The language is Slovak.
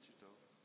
Wichita.